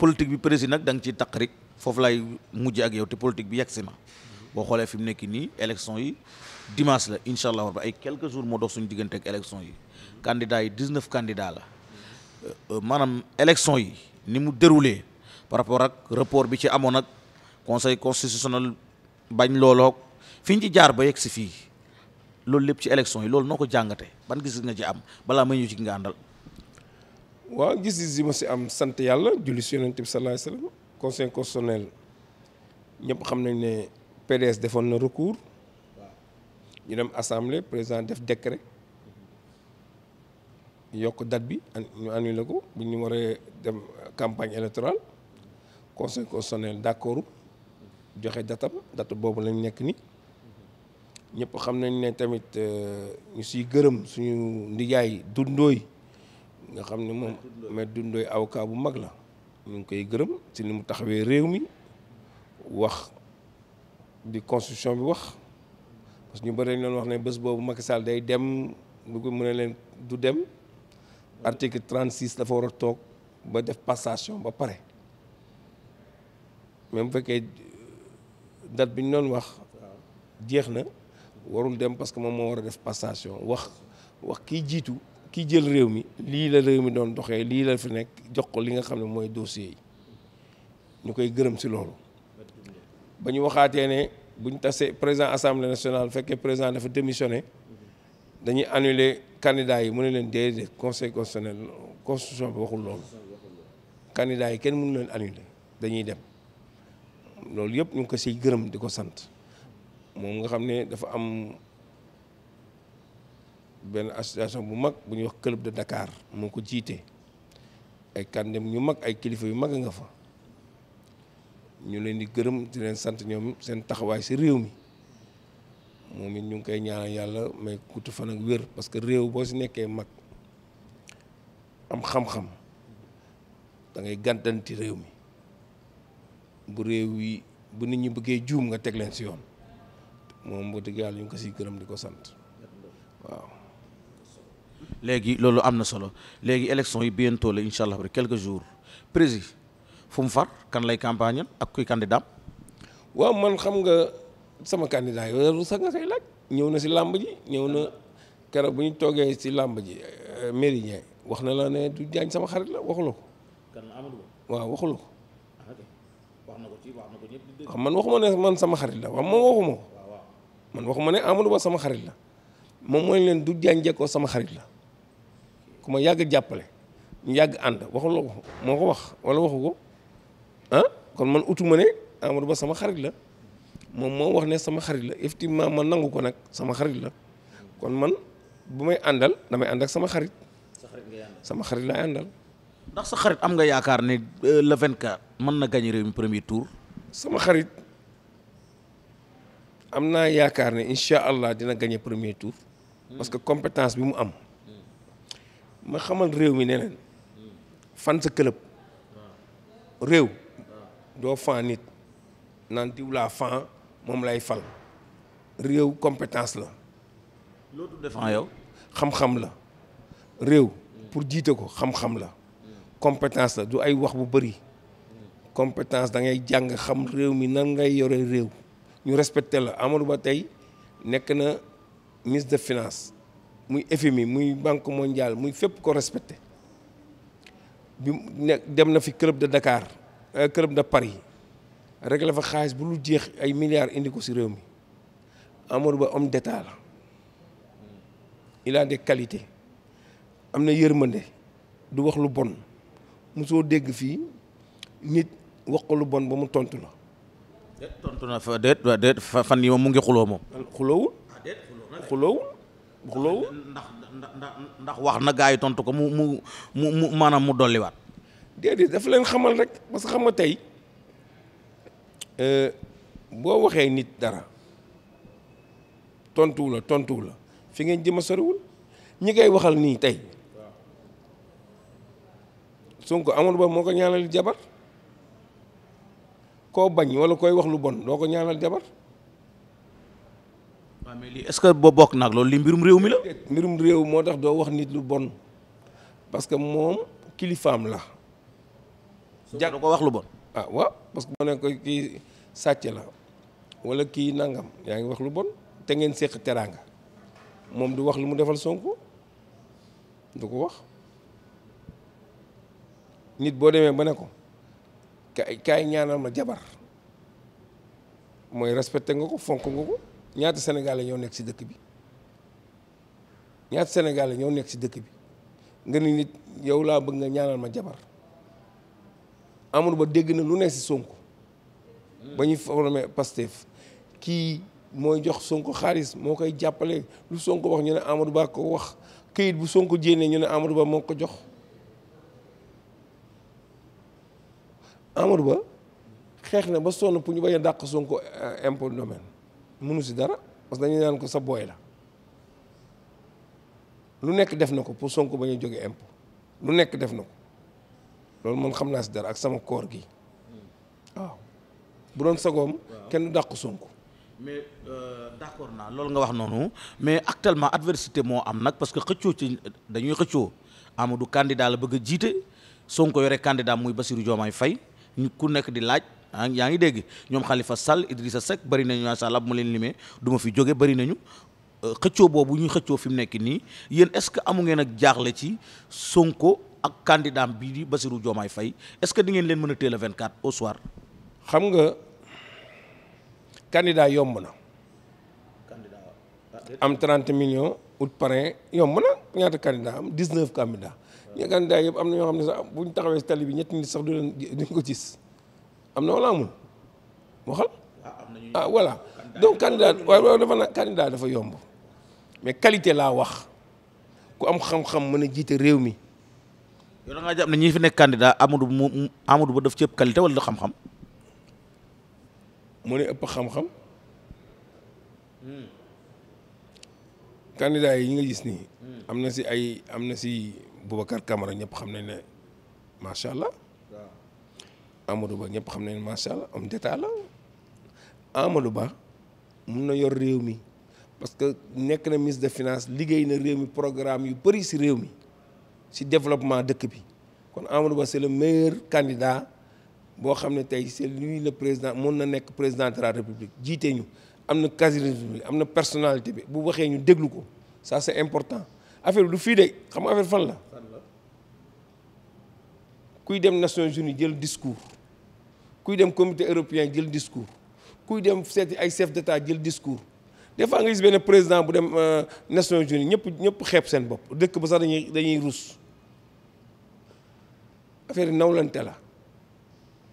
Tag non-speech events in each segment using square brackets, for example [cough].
politique bi président nag da nga ciy taq rek foofu laay mujj ak yow te politique bi yegg si ma boo xoolee fi mu nekk nii élection yi dimanche la incha allah war ba ay quelques jour moo dox suñu diggante ak élection yi candidats yi 19 candidats la euh, euh, maanaam élection yi ni mu déroulé par rapport ak rapport bi ci amoon ak conseil constitutionnel bañ looloo fi ñu jaar ba yegg si fii loolu lépp ci election yi loolu noo ko jàngate ban gis nga ci am balaa may ñëw ci nga àndal waaw gis-gis yi ma si am sant yàlla julli si yonent bi sallallahu alayhi wasallam conseil constitutionnel ñëpp xam nañ ne PDS defoon na recours ñu dem assemblée président def décret yokk date bi ñu annulé ko bu ñu waree dem campagne électorale conseil constitutionnel d'accord joxe datam date boobu lañ nekk ni ñëpp xam nañ ne tamit euh, ñu siy gërëm suñu ndijaay dundooy nga xam ne moom Maître Doudou Ndoye bu mag la mu ngi koy gërëm ci ni mu taxawee réew mi wax di constitution bi wax parce ñu bëri dañ doon wax ne bés boobu mag Sall day dem lu ko mu ne leen du dem article 36 dafa war a toog ba def passation ba pare mais bu fekkee date bi ñu doon wax jeex na warul dem parce que moom moo war a def passation wax wax kiy jiitu ki jël réew mi lii la réew mi doon doxee lii la fi nekk jox ko li nga xam ne mooy dossier yi ñu koy gërëm si loolu ba ñu waxaatee ne bu ñu tasee président assemblée nationale fekkee président dafa démissionné dañuy annuler candidat yi mu ne leen déedéet conseil constitutionnel constitution bi waxul loolu candidat yi kenn mënu leen annuler dañuy dem loolu yëpp ñu ngi ko siy gërëm di ko sant moom nga xam ne dafa am benn association bu mag bu ñuy wax club de Dakar moo ko jiite ay kàndem ñu mag ay kilifa yu mag a nga fa ñu leen di gërëm di leen sant ñoom seen taxawaay si réew mi moom it ñu ngi koy ñaanal yàlla may kutu fan ak wér parce que réew boo si nekkee mag am xam-xam da ngay gàntanti réew mi bu réew yi bu nit ñi bëggee juum nga teg leen si yoon moom bu dëgg yàlla ñu ngi ko siy gërëm di ko sant waaw léegi loolu am na solo léegi élection yi bientôt la incha allah quelques jours prési fu mu far kan lay campagne ak kuy candidat waaw man xam nga sama candidat yooyu sax nga say laaj ñëw na si làmb ji ñëw na keroog bu ñu toogee si làmb ji euh, méridien wax na la ne du jaañ sama xarit la waxuloo ko. kan ah, wax na ko ci wax na ne man sama xarit la waaw moom waxuma ko. man waxuma ne Amadou sama xarit la moom mooy leen du jaañ jekkoo sama xarit la. ku ma yàgg jàppale ñu yàgg ànd la ko moo ko wax wala waxu ko ah kon man utu ma ne Amadou Ba sama xarit la moom moo wax ne sama xarit la effectivement man nangu ko nag sama xarit la kon man bu may àndal damay ànd sama xarit. sama xarit laay àndal. ndax sa xarit am nga yaakaar ne euh, le 24 mën na gagné réew mi premier tour. sama xarit am naa yaakaar ne incha allah dina gagné premier tour. parce que compétence bi mu am. ma xamal réew mi ne leen fan sa club réew doo fan nit naan diw fan moom lay fal réew compétence la yow xam-xam la réew pour jiite ko xam-xam la compétence la du ay wax bu bëri compétence da ngay jàng xam réew mi nan ngay yore réew ñu respecté la Amadou Ba tey nekk na ministre de finance muy mi muy banque mondiale muy fépp ko respecté dem na fi club de Dakar euh, club de Paris réglé fa xaalis bu lu jeex ay milliards indi ko si réew mi Amadou Ba homme d'état la il a des am na yërmande du wax lu bon mosoo dégg fii nit wax ko lu bon ba mu tontu la. déet tontu fan yi mu ngi xuloo moom. xuloowul. ah xuloo xuloowul. xulóowu ndax ndax ndax wax na gaa yi tontu ko mu mu mu mu maanaam mu dolliwaat. déedéet daf leen xamal rek parce que xam nga tey euh, boo waxee nit dara tontuwu la tontuwu la fi ngeen jëm a ñi koy waxal nii tey Sonko amul ba moo ko ñaanal jabar koo bañ walla koy wax lu bon doo ko ñaanal jabar. waaw mais est-ce que boo bokk naag loolu li mbirum réew mi la. mbirum réew moo tax doo wax nit lu bon parce que moom kilifaam la. jàng ko wax lu bon. ah waaw parce que boo ne ko kii sàcc la wala kii nangam yaa ngi wax lu bon te ngeen seq teraanga moom du wax lu mu defal Sonko du ko wax nit boo demee ba ne ko kaay kaay ñaanal ma jabar mooy respecté nga ko fonk nga ko. ñaati sénégalais ñoo nekk ci dëkk bi ñaata sénégalais ñoo nekk ci dëkk bi nga ni nit yow laa bëgg nga ñaanal ma jabar amul ba dégg na lu nekk ci sunk ba ñuy formé Pastef kii mooy jox Sonko xaalis moo koy jàppale lu Sonko wax ñu ne Amadou Ba ko wax këyit bu Sonko jénnee ñu ne Amadou Ba moo ko jox Amadou Ba xeex na ba sonn pour ñu bañ dàq Sonko euh, impôt domaine mënu si dara parce que dañu naan ko sa booy la lu nekk def na ko pour sonk ba ñu jógee imp lu nekk def na ko loolu man xam naa si dara ak sama koor gi waaw bu doon sagoom kenn du dàqu Sonko mais euh, d'accord naa loolu nga wax noonu mais actuellement adversité moo am nag parce que xëccoo ci dañuy xëccoo Amadou candidat la bëgg a jiite Sonko yore candidat muy Bassirou Diomaye Faye ñu ku nekk di laaj ah yaa ngi dégg ñoom Khalifa Sall Idrissa Seck bëri nañu macha allah bu ma leen limee du ma fi jóge bëri nañu euh, xëccoo boobu ñu xëccoo fi mu nekk nii yéen est-ce que amu ngeen ak jaaxle ci Sonko ak candidat bii di Bassirou Diomaye fay est-ce que di ngeen leen mën a teel a 24 au soir. xam nga candidat yomb na. candidat am 30 millions août parrain yomb na ñaata candidat am 19 candidats. ñi candidat yëpp am na ñoo xam ne sax bu ñu taxawee bi ñetti nit sax ko gis. am na wala amul waxal. ah, ah voilà donc candidat waaw dafa nag candidat dafa yomb mais qualité laa wax ku am xam-xam mën a jiite réew mi. yow da fi nekk candidat Amadou mu Amadou Ba qualité wala xam-xam. mu ne ëpp xam-xam. Hmm. gis nii. Hmm. am na si ay am na si Boubacar Camara ñëpp xam nañ ne macha allah. Amadou Ba ñëpp xam nañu macha allah homme d'état la Amadou Ba mun na yor réew mi parce que nekk na ministre de finance liggéey na réew mi programme yu bëri si réew mi si développement dëkk bi kon Amadou Ba c'est le meilleur candidat boo xam ne tey c'est lui le président mun na nekk président de la république jiite ñu am na charisme bi am na personnalité bi bu waxee ñu déglu ko ça c'est important affaire lu fii de xam nga fan la kuy dem Nations Unies jël discours kuy dem comité européen jël discours kuy dem seeti ay chef d'état jël discours des fois nga gis benn président bu dem euh, Nations Unies ñëpp ñëpp xeeb seen bopp dëkk ba sax dañuy dañuy rus affaire nawlante la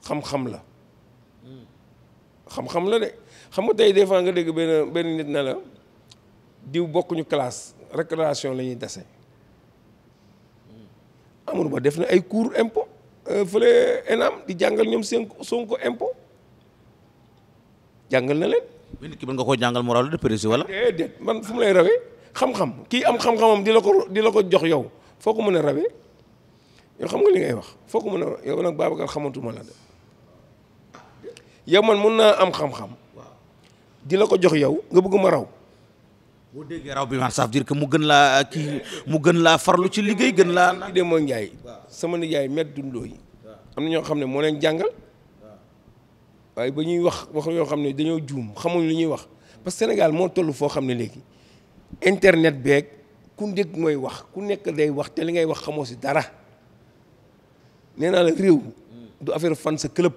xam-xam la xam-xam la de xam nga tey des fois nga dégg benn benn nit na la diw bokkuñu classe récréation la ñuy dese ba def na ay cours impôt Euh, fële enam di jàngal ñoom seen Sonko impôt jàngal na leen. mais mën nga koo jàngal moral de précis wala. man fu mu lay rawee xam kii am xam di la ko di ko jox yow foo ko mën a rawee xam nga li ngay wax foo mën a yow nag Babacar xamantuma la de mun naa am xam-xam di la ko jox yow nga bugg ma raw. boo déggee bi man ça veut que mu gën laa euh, kii mu gën laa farlu ci liggéey gën laa. li dem mooy Ndiaye sama nijaay met dundoo yi. am na ñoo xam ne moo leen jàngal. waaye ba ñuy wax wax yoo xam ne dañoo juum xamuñ lu ñuy wax parce que Sénégal moo toll foo xam ne léegi internet beek ku nekk mooy wax ku nekk day wax te li ngay wax xamoo si dara nee naa la réew du affaire fan sa club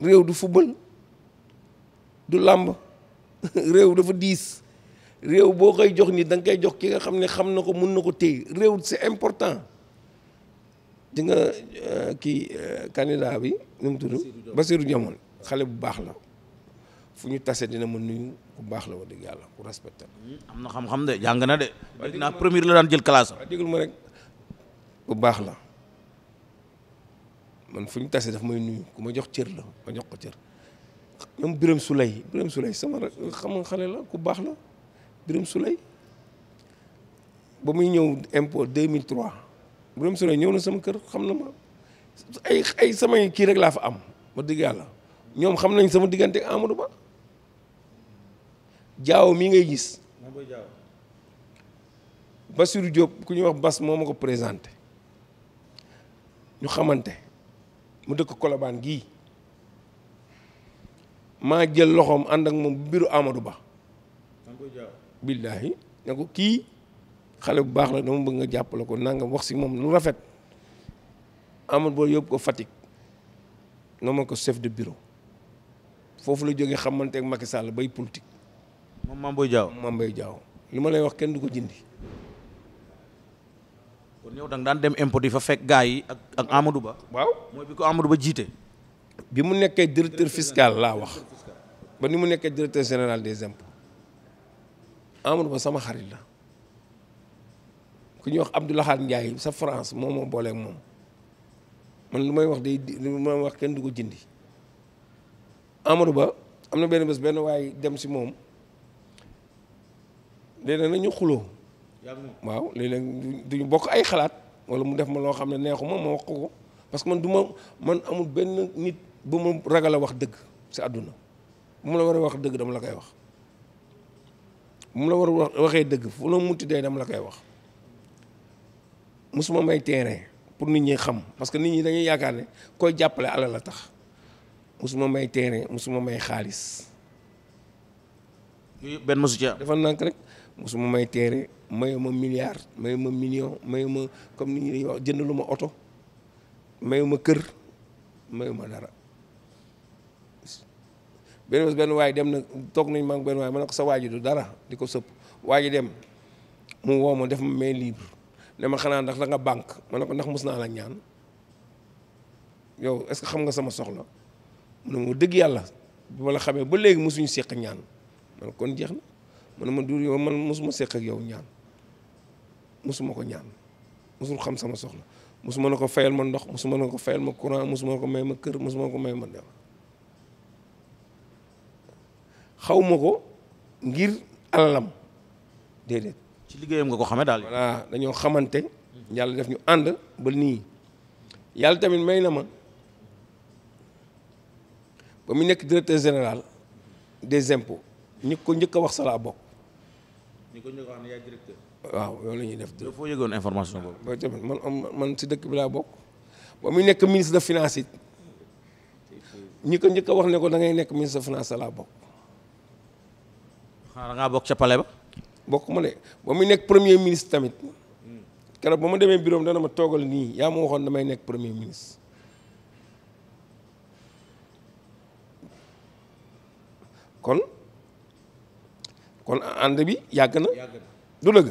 réew du football. du làmb [laughs] réew dafa diis réew boo koy jox ni danga koy jox ki nga xam ne xam na ko mun na ko téye réew c'est important di nga euh, kii euh, candidat bi nu mu tudd Basirou Diomaye xale bu baax la fu ñu tase dina mën nuyu ku baax la wax dëgg yàlla ku respecté hmm, am na xam-xam de jàng na de. dégg naa première la daan jël classe am. déglu ma rek ku baax la man fu ñu tase daf may nuyu ku ma jox cër la ma jox ko cër. ñoom Birame Souley Birame Souley sama xam nga xale la ku baax la Birame Souley ba muy ñëw impôt 2003 Birame Souley ñëw na sama kër xam na ma ay ay samay kii rek laa fa am ma dëgg yàlla ñoom xam nañ sama diggante ak Amadou Ba Jaaw mi ngay gis. Bassirou Diop ku ñuy wax Bas moo ma ko présenté ñu xamante mu dëkk kolobaan gii. maa jël loxoom ànd ak moom biiru Amadou Ba. billaahi ne ko kii xale bu baax na dama bëgg nga jàppale ko nangam wax si moom lu rafet Amadou Ba yóbbu ko Fatick ma ko chef de bureau foofu la jógee xamante ak Macky Sall bay politique. moom Mame Boye Diao li ma lay wax kenn du ko jindi kon yow da daan dem impôt di fa fekk gaa yi ak ak Amadou Ba. waaw mooy bi ko Amadou Ba jiite. bi mu nekkee directeur fiscal laa wax ba ni mu nekkee directeur général des impôts Amadou Ba sama xarit la ku ñuy wax Abdou Lahad Ndiaye sa France moom moo booleeg moom man lu may wax day lu may wax kenn du ko jëndi Amadou Ba am na benn bés benn waaye dem si moom léeg-léeg nañu xuloo waaw léeg-léeg duñu bokk ay xalaat wala mu def ma loo xam ne neexuma ma wax ko parce man du man amul benn nit bu mu ragal a wax dëgg si àdduna bu mu la war a wax dëgg dama la koy wax bu mu la war a wax waxee dëgg fu la munti dee dama la koy wax musuma may terrain pour nit ñi xam parce que nit ñi dañuy yaakaar ne koy jàppale alal la tax musuma may terrain musuma may xaalis. yooyu benn mosu ci am dafa nànk rek musuma may terrain mayuma milliard mayuma million mayuma comme nit ñi jënd lu ma oto ma kër mayuma dara. benn bés benn waay dem na toog nañ ma ak benn waay ma ne ko sa waay dara di ko sëpp waay dem mu woo ma def ma main libre ne ma xanaa ndax da nga banque ma ko ndax mus naa la ñaan yow est-ce xam nga sama soxla mu dëgg yàlla bu ma xamee ba léegi mosuñu seq ñaan ma kon jeex na man na ma duur man mosuma seq ak yow ñaan mosuma ko ñaan mosul xam sama soxla mosuma na ko fayal ma ndox mosuma na ko fayal ma courant mosuma na ko may ma kër mosuma na ko may ma dara xawma ko ngir alalam déedéet. ci liggéeyam nga ko xamee daal. dañoo xamante. yàlla def ñu ànd ba nii yàlla tamit may na ma ba mu nekk directeur général des impôts ñi ko njëkk a wax sa laa bokk. ñi ko njëkk a wax waaw loolu la def. daf foo yëgoon information boobu. ba tamit man man si dëkk bi laa bokk ba mu nekk ministre de finance it ñi ko njëkk a wax ne ko da ngay nekk ministre de finance sa laa bokk. waaw ah, da ngaa bokk ca palais ba. bokk ma ne ba muy nekk premier ministre tamit keroog ba ma demee bureau dana ma toogal nii yaa ma waxoon damay nekk premier ministre. kon kon ànd bi yàgg na. du dëgg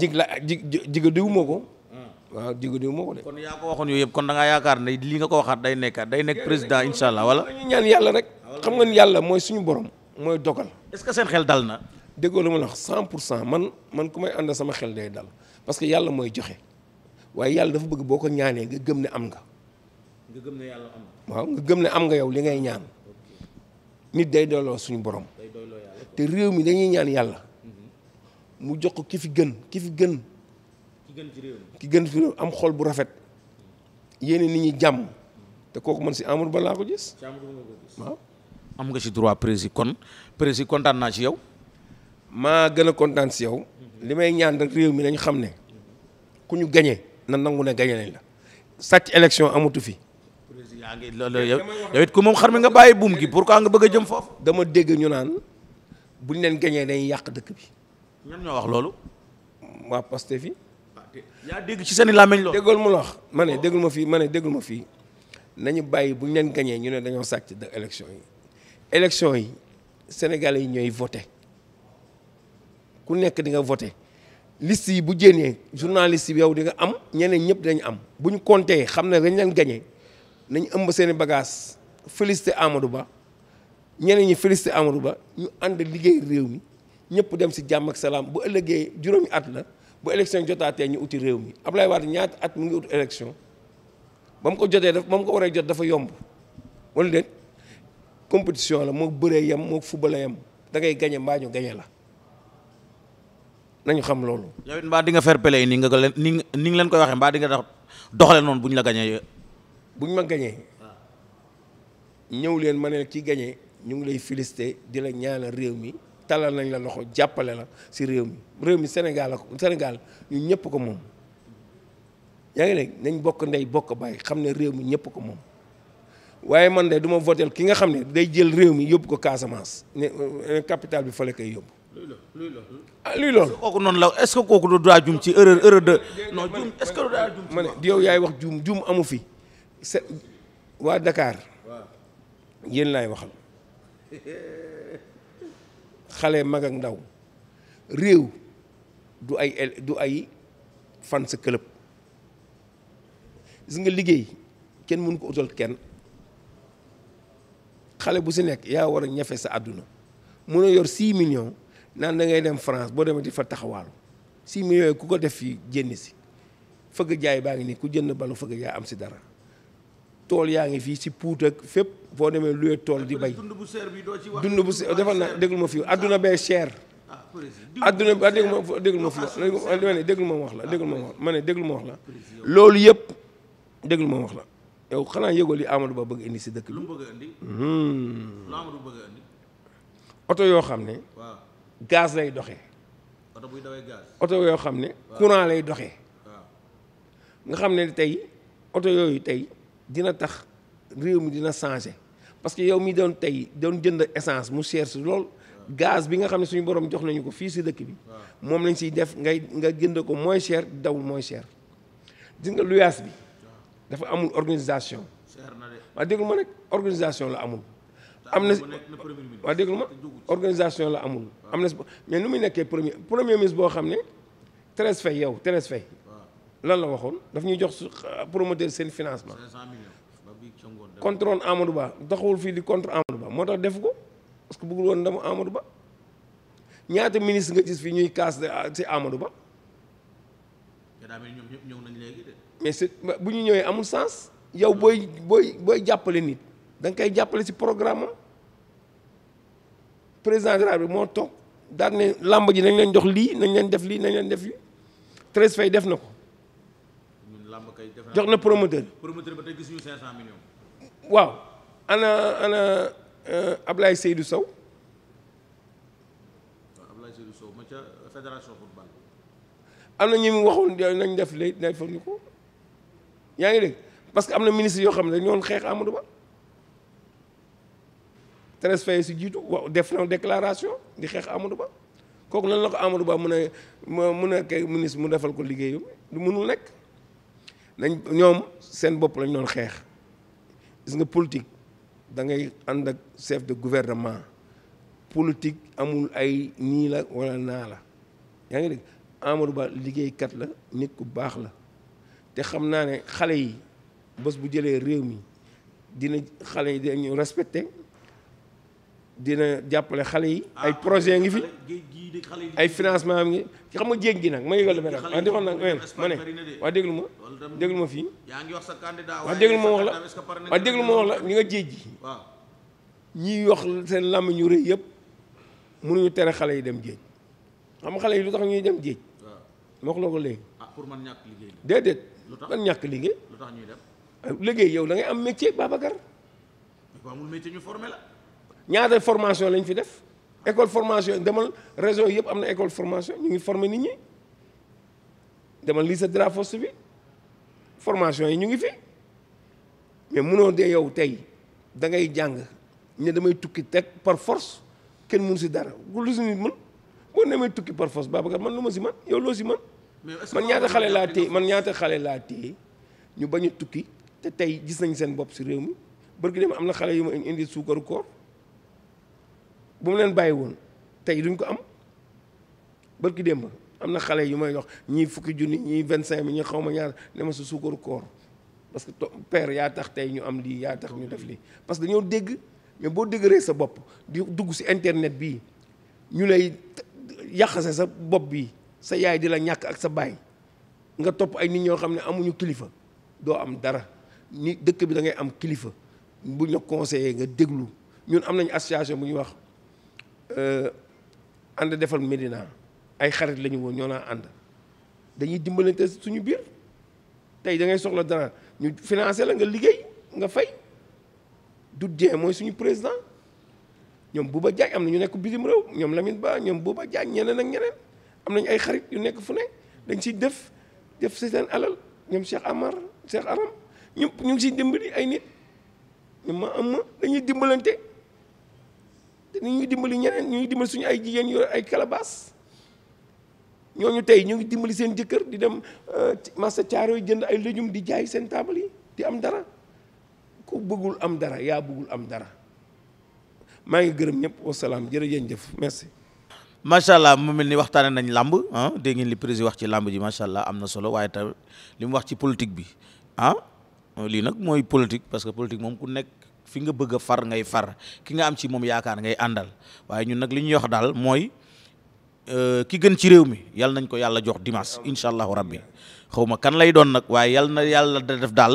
jig la jig jigadiw moo ko. Hmm. waaw jigadiw moo ko de. kon yaa ko waxoon yooyu yëpp kon da ngaa yaakaar ne li nga ko waxaat day nekkaat day nekk président incha allah wala. ñu ñaan yàlla rek xam nga ni yàlla mooy suñu borom. mooy dogal. est-ce que seen xel dal na. déggoo la ma wax cent pour cent man man ku may ànd sama xel day dal parce que yàlla mooy joxe waaye yàlla dafa bëgg boo ko ñaanee nga gëm ne am nga. nga gëm ne yàlla am waaw nga gëm ne am nga yow li ngay ñaan. nit day doyloo suñu borom. day doyloo te réew mi dañuy ñaan yàlla. Mhm. mu jox ko ki fi gën ki fi gën. ki gën ci ki gën fi am xol bu rafet. yéene nit ñi jàmm. te kooku man si Amadou Ba laa ko gis. am nga ci droit prési kon prési kontaan naa ci yow. maa gën a kontaan ci yow. li may ñaan réew mi nañu xam ne ku ñu gañe na nangu ne gañe nañ la sàcc élection amatu fi. président yaa ngi loolu yow it ku moom xar nga bàyyi buum gi pour pourquoi nga bëgg a jëm foofu. dama dégg ñu naan buñ leen gañee dañuy yàq dëkk bi. ñoom ñoo wax loolu. waa Pastef fi. Ah, yaa dégg ci seen làmmiñ loolu. déggul ma la wax ma ne déggul ma fii ma ne déggul ma fii nañu bàyyi bu ñu leen gañee ñu ne dañoo sàcc élection yi. élection yi sénégalais yi ñooy voté ku nekk di nga voté liste yi bu jénnee journaliste bi yow di nga am ñeneen ñëpp dañu am bu ñu compté xam ne dañ leen gagné nañ ëmb seen i bagage félicité Amadou Ba ñeneen ñi félicité Amadou Ba ñu ànd liggéey réew mi ñëpp dem si jàmm ak salaam bu ëllëgee juróomi at la bu élection jotaatee ñu uti réew mi Ablaye Wade ñaata at mu ngi ut élection ba mu ko jotee daf ba mu ko waree jot dafa yomb wala déet compétition la moo bëree yem moo football yem da ngay gañe mbaa ñu gañe la nañu xam loolu. yow it mbaa di nga fair play ni nga ko leen ni ni nga leen koy waxee mbaa di nga doxalee noonu bu ñu la gañee. bu ñu ma gañee ñëw leen ma ne ki gañee ñu ngi lay félicité di la ñaanal réew mi talal nañ la loxo jàppale la si réew mi réew mi Sénégal ak Sénégal ñun ñëpp ko moom yaa ngi léegi nañ bokk ndey bokk bàyyi xam ne réew mi ñëpp ko moom. waaye man de du ma votel ki nga xam ne day jël réew mi yóbbu ko Casamance ne euh, capital bi fa la koy yóbbu. Hmm? ah luy loolu. kooku noonu la est-ce kooku du daa jum ci erreur erreur de. non jum est du daa ma ne yow yaay wax jum jum amu fi. se waa Dakar. yéen laay waxal. xale mag ak ndaw. réew du ay du ay fan sa club. gis nga liggéey kenn mënu ko utal kenn. xale bu si nekk yaa war a ñafe sa àdduna mun a yor 6 millions naan da ngay dem France boo demee di fa taxawaalu 6 millions yi ku ko def fii jénn si fëgg jaay baa ngi nii ku jënd balu fëgg jaay am si dara tool yaa ngi fii si puut ak fépp boo demee luwe tool di bay dund bu seer bi doo ci dund bu seer defal na déglu ma fii àdduna bee cher. Ah, àdduna bi déglu ma déglu ma fii ma ne déglu ma wax la déglu ma wax ma ne déglu ma wax la loolu yëpp déglu ma wax la ah, yow xanaa yëgoo li Amadou Ba bëgg indi si dëkk bi. lu hmm. bëgg a indi. oto yoo xam ne. waaw lay doxee. oto buy dawee gaz. oto yoo xam ne. courant lay doxe nga xam ne tey oto yooyu tey dina tax réew mi dina changé parce que yow mi doon tey doon jënd essence mu cher si lool. gaz bi nga xam ne suñu borom jox nañu ko fii si dëkk bi. moom lañ siy def ngay nga jënd ko moy cher daw moins cher. gis luyaas bi. dafa amul organisation. waa déglu ma nag organisation la amul. am na waa déglu ma organisation la amul. am na mais nu muy nekkee premier premier ministre boo xam ne Thérèse Faye yow Thérèse Faye. lan la waxoon daf ñuy jox promoteur seen financement. 500 millions. contrôle Amadou Ba taxawul fii di contre Amadou Ba moo tax defu ko parce que bëggul woon dama Amadou Ba ñaata ministre nga gis fii ñuy kaas ah, ci Amadou Ba. ñoom ñëpp ñëw nañ léegi mais c'est bu ñu ñëwee amul sens yow booy booy booy jàppale nit da nga koy jàppale si programme président grade bi moo toog daal làmb ji nañ lañ jox lii nañ leen def lii nañ leen def lii Thérèse Faye def na ko. làmb kay def jox na promoteur. promoteur ba tey gisuñu 500 millions. waaw ana ana euh, Ablaye Seydou Sow. waaw Ablaye Seydou Sow ma ca fédération football. am na ñu mu waxoon nañ def léegi nañ ko. yaa ngi dégg parce que am na ministre yoo xam ne ñoon xeex Amadou Ba Thérèse Faye si jiitu wa def na déclaration di xeex Amadou Ba kooku lan la ko Amadou Ba mun a mun a kay ministre mu defal ko liggéeyam du mënul nekk nañ ñoom seen bopp lañ doon xeex gis nga politique da ngay ànd ak chef de gouvernement politique amul ay nii la wala naa la yaa ngi dégg Amadou Ba liggéeykat la nit ku baax la te xam naa ne xale yi bés bu jëlee réew mi dina xale yi dañu respecté dina jàppale xale yi. Ah, ay projet ngi fi ay financement ngi xam nga jéeg gi nag ma yëgal dama daal defoon nag ma ne waa déglu ma déglu ma fii waa déglu ma wax la waa déglu ma wax la ñi nga jéeg ji ñiy wax seen làmb ñu rëy yëpp mënuñu tere xale yi dem jéej xam xale yi lu tax ñuy dem jéej ma wax la ko léegi ah, déedéet ban ñàkk liggéey. lu tax ñuy dem. Ah, liggéey yow da ngay am métier Babacar. dafa amul métier ñaata formation lañu fi def. école formation demal région yëpp am na école formation ñu ngi former nit ñi demal lycée Delafosse bi formation yi ñu ngi fi mais munoo de yow tey da ngay jàng ñu damay tukki teg par force kenn mun si dara lu si nit mën boo demee tukki par force Babacar man lu ma si man yow loo si man man ñaata xale laa téye man ñaata xale laa téye ñu bañ a tukki te tey gis nañ seen bopp si réew mi bërgi dem am na xale yu ma indi suukaru koor bu leen bàyyi woon tey duñ ko am bërki dem ba am na xale yu may wax ñii fukki junni ñii vingt cinq mille ñi xaw ma ñaar ne ma sa suukaru koor parce que père yaa tax tey ñu am lii yaa tax ñu def lii parce que dañoo dégg mais boo déggaree sa bopp di dugg si internet bii ñu lay yàqase sa bopp bii sa yaay di la ñàkk ak sa baay nga topp ay nit ñoo xam ne amuñu kilifa doo am dara ni dëkk bi da ngay am kilifa bu ñu conseillé nga déglu ñun am nañu association bu ñuy wax euh, ànd defal Médina ay xarit lañu woon ñoo naa ànd dañuy dimbalante suñu biir tey da ngay soxla dara ñu financé la nga liggéey nga fay du Dieng mooy suñu président ñoom bu ba Diagne am na ñu nekk bitim réew ñoom Lamine Ba ñoom Bouba Diagne ñeneen ak ñeneen. am nañu ay xarit yu nekk fu ne dañ siy def def si seen alal ñoom Cheikh Amar Cheikh Aram ñëpp ñu ngi siy dimbali ay nit ñu ma am ma dañuy dimbalante te ni ñuy dimbali ñeneen ñu ngi dimbali suñu ay jigéen yu ay ñoo ñooñu tey ñu ngi dimbali seen jëkkër di dem euh, marché caaro yi jënd ay légumes di jaay seen taabal yi di am dara ku bëggul am dara yaa buggul am dara maa ngi gërëm ñëpp wasalaam jërëjëf merci macha allah mu mel ni waxtaane nañ làmb ah dégg ngeen li président wax ci làmb ji macha allah am na solo waaye tamit li mu wax ci politique bi ah lii nag mooy politique parce que politique moom ku nekk fi nga bëgg a far ngay far ki nga am ci moom yaakaar ngay àndal waaye ñun nag li ñuy wax daal mooy euh, ki gën ci réew mi yal nañ ko yàlla jox dimanche incha allahu rabbi xaw ma kan lay doon nag waaye yal na yàlla da def daal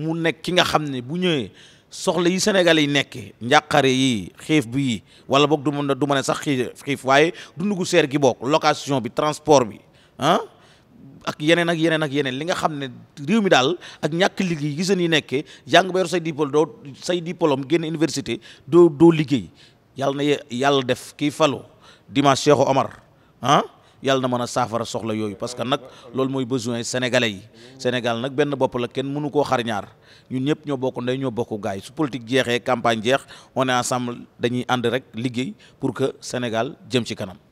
mu nekk ki nga xam ne bu ñëwee. soxla yi Sénégal yi nekk njàqare yi xiif bi yi wala boog du mën du mën a sax xiif waaye dundu gu seer gi boog location bi transport bi ah ak yeneen ak yeneen ak yeneen li nga xam ne réew mi daal ak ñàkk liggéey yi seen yi nekkee jàng ba yor say diplôme doo say diplôme génn université doo doo liggéey yàlla na yàlla def kii falu dimanche Cheikh Omar ah yàlla na mën a saafara soxla yooyu parce que nag loolu mooy besoin sénégalais yi Sénégal nag benn bopp la kenn mënu koo xar ñaar ñun ñëpp ñoo bokk ndey ñoo bokk gaay su politique jeexee campagne jeex on est ensemble dañuy ànd rek liggéey pour que Sénégal jëm ci kanam